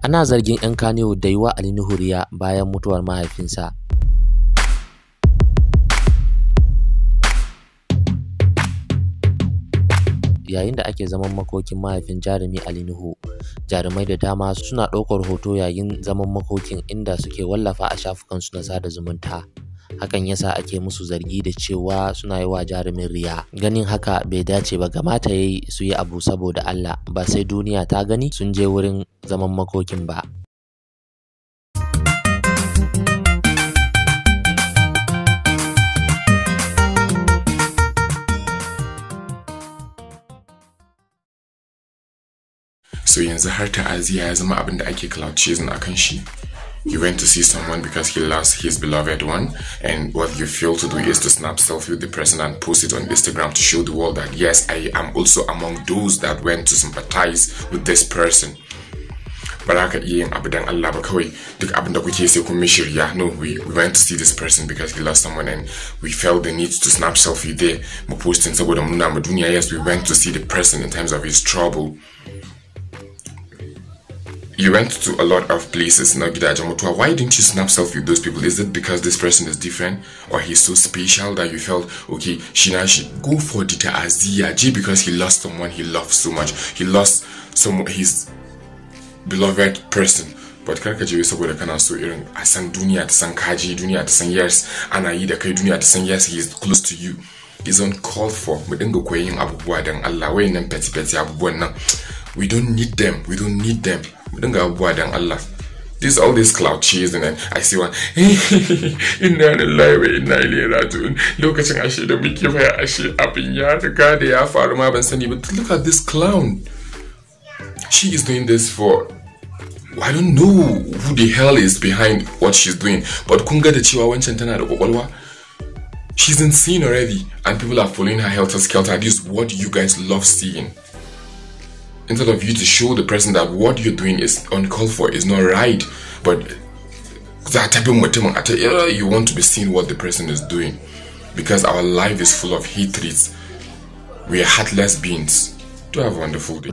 ana zargin 'yan kaniyo da yi wa ali nuhuriya bayan mutuwar mahaifinsa yayin da ake zaman makokin mahaifin jarumi Ali Nuhu. Jarumai da dama suna ɗaukar hoto yayin zaman makokin inda suke wallafa a shafukansu na sada zumunta. hakan yasa ake musu zargi da cewa suna yi wa jarumin riya ganin haka bai dace ba gamata yayi su yi abu saboda Allah ba sai duniya ta gani sun je wurin zaman makokin ba so yanzu har ta'aziya ya zama abin da ake cloud chasing akan shi You went to see someone because he lost his beloved one, and what you fail to do is to snap selfie with the person and post it on Instagram to show the world that yes, I am also among those that went to sympathize with this person. no we, we went to see this person because he lost someone and we felt the need to snap selfie there mu posting saboda muna yes we went to see the person in terms of his trouble you went to a lot of places, Why didn't you snap selfie with those people? Is it because this person is different or he's so special that you felt, okay, Shina should go for Dita azia because he lost someone he loved so much. He lost someone, his beloved person. but kaka ka je saboda kana so irin a san duniya ta san kaji duniya ta san years ana yi da kai duniya ta san years he is close to you is on call for mu dinga koyin abubuwa dan Allah wayannan petty petty abubuwan nan we don't need them we don't need them mu dinga abubuwa don Allah this all this cloud cheese and I see one inna lillahi wa inna ilaihi raji'un lokacin ashe da muke faya ashe abin ya riga da ya faru ma ban sani but look at this clown she is doing this for I don't know who the hell is behind what she's doing but kun ga da cewa wancan tana da kwakwalwa she's insane already and people are following her helter skelter this is what you guys love seeing instead of you to show the person that what you're doing is uncalled for, is not right, but that type of you want to be seen what the person is doing because our life is full of hatreds. We are heartless beings. Do have a wonderful day.